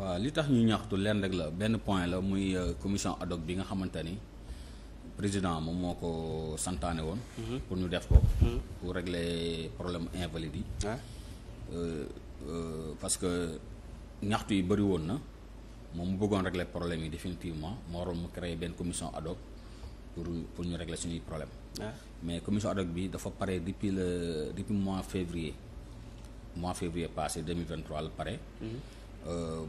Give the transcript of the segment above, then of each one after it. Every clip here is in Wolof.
waaw li tax ñu ñaxtu lenn rek la benn point la muy euh, commission ad hoc bi nga xamante ni président moom moo ko santaane woon. Mhm. pour ñu def ko. Mhm. pour régler problème invalide yi. Euh, euh, parce que ñaxtu yi bëri woon na moom mu bëggoon régler problème yi définitivement moo waroon mu créer benn commission ad hoc pour pour ñu régler suñuy problème. mais commission ad hoc bi dafa pare depuis le depuis mois février mois février passé 2023 la pare. Mhm.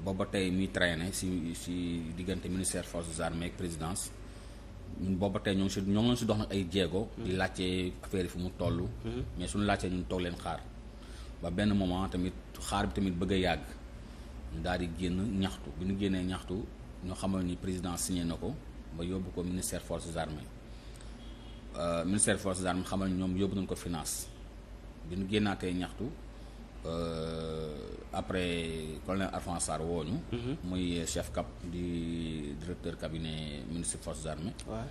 booba euh, tey muy traîner si si diggante ministère forces armées ak présidence ñun booba tey ñoo si ñoo ngi si dox nag ay jéego. di laajte affaire yi fu mu toll. mais suñu laajtee ñun toog leen xaar ba benn moment tamit xaar bi tamit bëgg a yàgg daal di génn ñaxtu bi ñu génnee ñaxtu ñu xamal ni président signé na ko ba yóbbu ko ministère forces armées euh, ministère forces armées xamal ñoom yóbbu nañ ko finance bi ñu génnaatee ñaxtu. Euh, après colonel Alphonse Sarr woo ñu. Mhm. muy chef cap di directeur cabinet ministre forces armées. waaw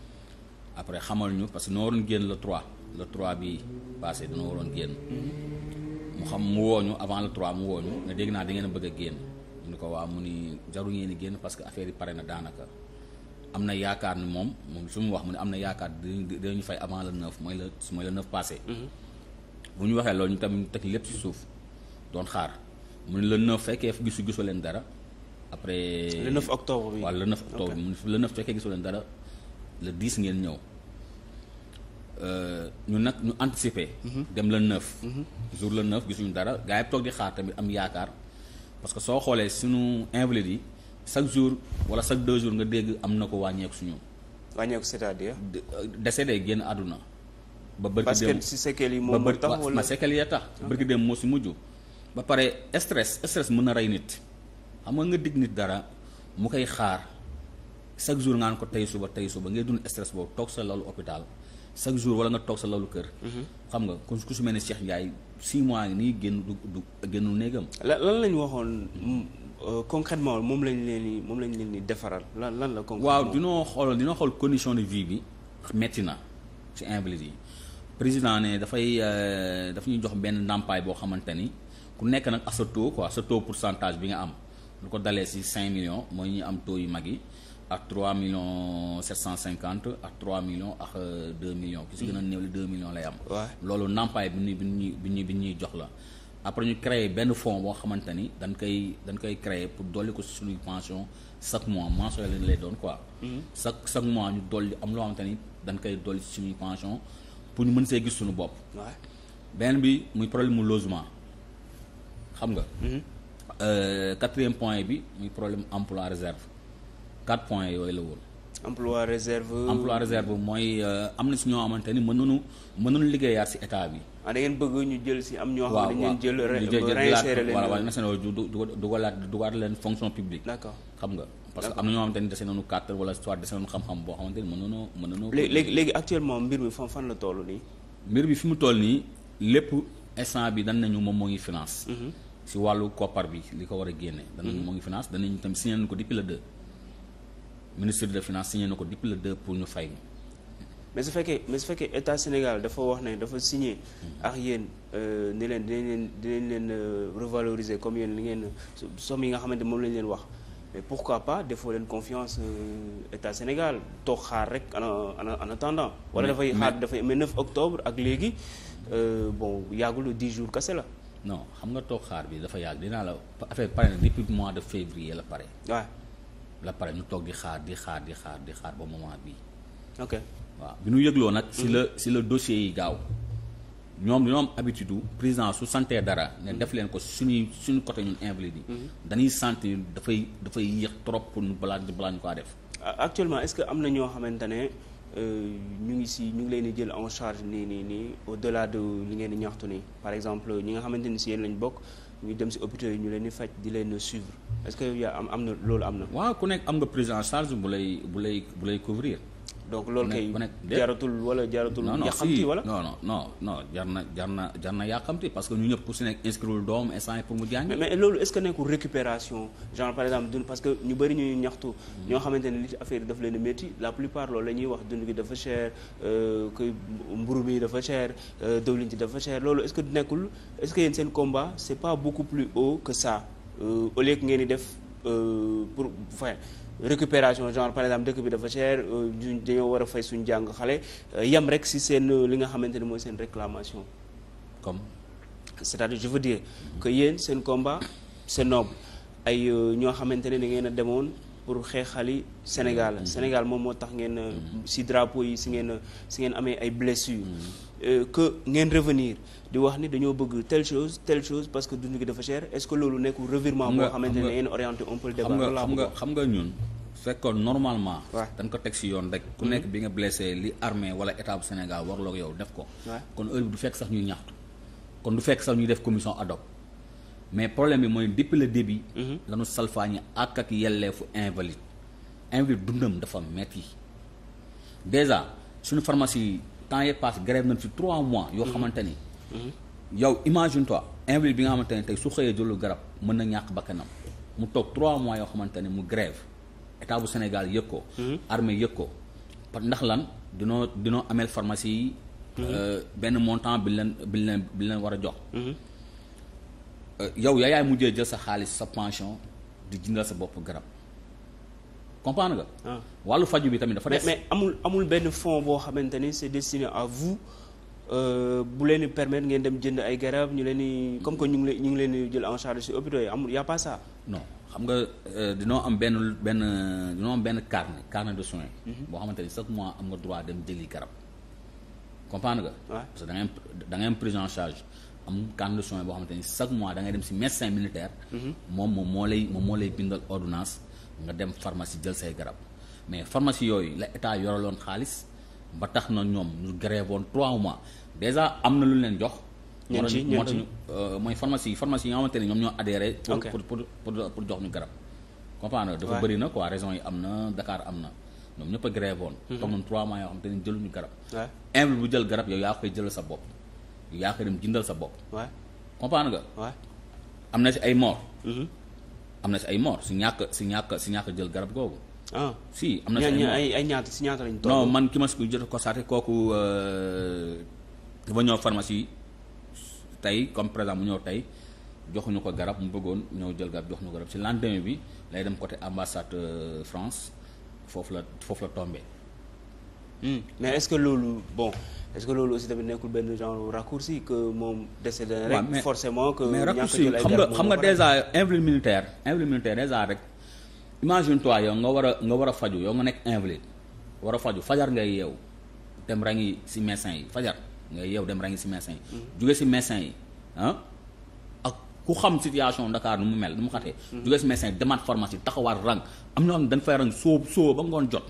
après xamal ñu parce que noo waroon génn le 3 le 3 bi passé dina waroon génn. Mhm. mu xam mu woo ñu avant le 3 mu woo ñu dégg naa da ngeen a bëgg a génn ñu ni ko waaw mu ni jarul ngeen génn parce que affaire yi pare na daanaka. am na yaakaar ni moom moom su mu wax mu ne am na yaakaar dinañu fay avant le 9 mooy le mooy la 9 passé. Mhm. bu ñu waxee loolu ñu tamit teg lép ci suuf. doon xaar mu ne le 9 fekkee gisu gisu leen dara après. le 9 octobre bi waaw le 9 octobre bi fekkee gisu leen dara le 10 ngeen ñëw euh, ñu nag ñu anticiper. Mhm. dem le 9. Mhm. jour le 9 gisuñu dara gaa yi toog di xaar tamit am yaakaar parce que soo xoolee suñu invalides yi chaque jour wala chaque deux jours nga dégg am na ko wàññeeku suñu. wàññeeku c'est-à-dire. Euh, décédé génn àdduna. ba barki dem si séquelles yi moom moo tax wala ma séquelles ya tax. barki dem moo si mujj. ba pare stress stress mun na rey nit xam nga nga dig nit dara mu koy xaar chaque jour ngaan ko tey suba tey ba ngay dund stress boobu toog sa lalu hôpital chaque jour wala nga toog sa lalu kër. Mhm. xam nga kon ku su mel ne Cheikh Ndiaye six mois nii génn du du génnul néegam. lan la ñu waxoon euh, concrètement moom lañ leen di moom lañ leen di defaral lan lan la. concrètement waaw dinoo xool dinoo xool condition de vie bi metti na ci invalides yi président ne dafay euh, daf ñuy jox benn ndàmpaay boo xamante ni. ku nekk nag ak sa taux quoi sa taux pourcentage bi nga am lu ko dalee si 5 millions mooy ñi am taux yu mag yi ak 3 millions 750 ak 3 millions ak 2 euh, millions. ki si gën a néew lay am. loolu ndàmpaay bi ñuy bi ñuy ñuy jox la. après ñu créer benn fonds boo xamante ni dañ koy dañ koy créer pour dolli ko si suñuy pension chaque mois mensuel lay doon quoi. Mm-hmm. chaque chaque mois ñu dolli am loo xamante ni dañ koy si suñuy pension pour ñu mën see gis suñu bopp. beneen bi muy problème xam nga. Mhm. Euh, quatrième point bi muy problème emploi réserve quatre points yooyu la woon. emploi réserve. emploi réserve mooy euh, am na si ñoo xamante ni mën nañu mën nañu liggéeyaat si état bi. ah da ngeen bëgg ñu jël si am. ñoo xam ne dañu jël réinsérer leen. voilà national du du leen fonction publique. d'accord xam nga. parce que am na ñoo xamante ni dese nañu kàttan wala soit dese nañu xam-xam boo xamante ni mën nañoo mën nañoo. léegi léegi actuellement mbir mi fan la toll nii. mbir bi fi mu toll nii lépp instant bi dan nañu moom moo ngi finance. Mhm. si wàllu koppar bi li ko war a génne. Mm-hmm. danañ moo ngi finance danañ tam signé nañ ko depuis le 2. ministre de finance signé na ko depuis le 2 pour ñu fay. mais su fekkee su fekkee état Sénégal dafa wax ne dafa signé mm-hmm. ak yéen euh, ni leen dinañ leen leen euh, revaloriser comme yéen li ngeen somme yi nga xamante moom lañ leen wax mais pourquoi pas defoo leen confiance euh, état Sénégal toog xaar rek en en attendant. wala dafay xaar dafay mais 9 octobre ak léegi bon yàggul 10 jours kese la. non xam nga toog xaar bi dafa yàgg dinaa la affaire pare na depuis mois de février la pare. waaw la pare ñu toog di xaar di xaar di xaar di xaar ba moment bi ok waaw bi ñu yëgloo nag. si mm. la si la dossier yi gaaw. ñoom ñoom am habitude président su santee dara ne def leen ko suñuy suñu côté ñun invalide yi mm-hmm. dañuy sentir dafay dafay yéex trop pour ñu balaa balaa ñu kaa def. actuellement est-ce que am na ñoo xamante ne. Euh, ñu ngi si ñu ngi leen di jël en charge nii nii nii au delà de li ngeen di ñaxtu nii par exemple ñi nga xamante ni si yéen lañ bokk ñu dem si hôpital yi ñu leen di faj di leen suivre est-ce que yaa am am na loolu am na. waaw ku nekk am nga prise en charge bu lay bu lay bu lay couvrir. donc loolu kay jaratul wala jaratul yàqamti wala no non non non jar na jar na jar na yàqamti parce que ñu ñëpp ku si nekk inscrire doom instant yi pour mu jàng mais loolu est ce que nekkul ñu bëri ñuy ñaxtu mm-hmm. ñoo xamante ne li ci daf leen métti la plupart loolu la ñuy wax dund gi dafa cher euh, que mburu mi dafa cher euh, dëwlin ci dafa cher loolu est ce que nekkul est ce que yéen seen combat c'est pas beaucoup plus haut que ça euh, au lieu ngeen di def Euh, pour enfin récupération genre par exemple dëkk bi dafa cher ñu euh, dañoo war a fay suñu jàng xale euh, yam rek si seen li nga xamante ne mooy seen réclamation comme c'est-à-dire je veux dire que yéen seen combat seen noble ay ñoo xamante ne da ngeen a demoon pour xeexali Sénégal mm-hmm. Sénégal moom moo tax ngeen euh, mm-hmm. si drapeau yi si ngeen si ngeen amee ay blessures mm-hmm. euh, que ngeen revenir di wax ni dañoo bëgg telle chose telle chose parce que dund gi dafa cher est-ce que loolu nekkul revirement boo xamante ne ngeen orienté un peu le débat xam nga xam nga ñun fekkoon normalement dañ ko teg si yoon rek ku nekk bi nga blessee li armée wala état bu Sénégal warloo yow def ko kon heure bi du fekk sax ñuy ñaxtu kon du fekk sax ñuy def commission ad mais problème bi mooy depuis le début. Mhm. la ñu salfaañi ak ak yelleefu invalide invalide dundam dafa metti déjà suñu pharmacie temps yee passe grève nañ fi trois mois yoo mhm. xamante ni mhm. yow imagine toi invalide bi nga xamante ne tey su xëyee jëlu garab mën na ñàkk bakkanam mu toog trois mois yoo xamante ne mu grève état bu Sénégal yëg ko armée yëg ko ndax lan dinoo dinoo ameel pharmacie euh, benn montant bi leen bi leen bi leen war a jox Euh, yow yaa yaay mujjee jël sa xaalis sa pension di jëndal sa bopp garab comprendre nga. Ah. wàllu faju bi tamit dafa des. mais amul amul benn fonds boo xamante ni c'est destiné à vous euh, bu leen di permettre ngeen dem jënd ay garab ñu leen di comme que ñu ngi ñu ngi leen di jël en charge ci hôpitaux y a pas xam nga euh, dinoo am benn benn dinoo benn carnet carnet de soins. Mhm. boo xamante ni chaque mois am nga droit dem jëli garab comprendre nga. parce que da prise en charge. am carte de soins boo xamante ni chaque mois da ngay dem ci médecin militaire. Mhm. moom moom moo lay moom moo lay bindal ordonnance nga dem pharmacie jël say garab mais pharmacie yooyu la état yoraloon xaalis ba tax na ñoom ñu grève woon trois mois déjà am na lu leen jox. ñoo ci moo tax ñu euh, mooy pharmacie pharmacie yi nga xamante ne ñoom ñoo adhéré. pour pour pour jox ñu garab. comprendre dafa bëri na quoi raison yi am na Dakar am na ñoom ñëpp a grève woon. toog mhm. nañ trois mois yoo xamante ne jëluñu garab. waaw bu jël garab yow yaa koy jël sa bopp. yaa ko dem jëndal sa bopp. waay comprendre am na si ay mort. Mm-hmm. am na si ay mort si ñàkk si ñàkk si ñàkk jël garab googu. ah si am na si ay ay ñaata si ñaata lañ toll. man ki ma si jot a constaté kooku euh, dafa ñëw pharmacie tey comme par mu ñëw tey joxuñu ko garab mu bëggoon ñëw jël garab joxuñu ko garab si lendemain bi lay dem coté ambassade euh, France foofu la foofu la Hmm. mais est-ce que loolu bon est-ce que loolu aussi tamit nekkul benn genre raccourci que moom décédé rek forcément que mais raccourci xam nga xam nga déjà invalide militaire invalide militaire déjà rek imagine toi yow nga war a nga war a faju yow nga nekk invalide war a faju fajar ngay yeew dem rangi si médecin yi fajar ngay yeew dem rangi si médecin yi hmm. jóge si médecin yi ah ak ku xam situation Dakar nu mu mel nu mu xatee hmm. jóge si médecin yi demaat pharmacie taxawaat rang am na xam ne dañ fay rang soo soo ba ngoon jot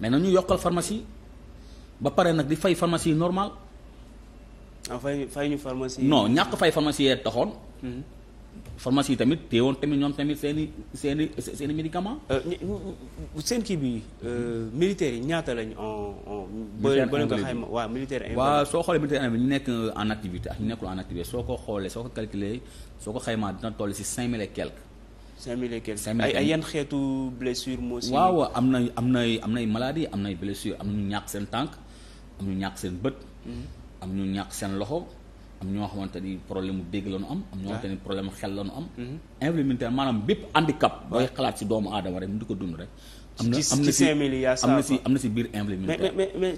mais nañu yokkal pharmacie ba pare nag di fay pharmacie normal. ah fay ñu pharmacie. non ñàkk fay pharmacie yee taxoon. Hmm. pharmacie yi tamit téewoon tamit ñoom tamit seeni i seen seen i médicament. Euh, seen kii bi euh, militaires yi ñaata lañ en en. militaire ko xayma waa militaire invalide. waaw soo xoolee militaire invalide ñu nekk en activité ak ñu nekkul en activité soo ko xoolee soo ko calculer soo ko xaymaa dina toll ci cinq mille et 5000 et quelques ay ay yan xeetu blessure moo si. waaw am na am nay am nay maladie am nay blessure am ñu ñàkk seen tànk am ñu ñàkk seen bët. Mm-hmm. am ñu ñàkk seen loxo am ñoo xamante ni problème mu dégg la am. am ñoo xamante ni ah. xel loonu ñu am. Mm-hmm. involontaire maanaam bépp handicap. booy xalaat ci doomu aadama rek mu di ko dund rek. am na am si am na si biir involontaire.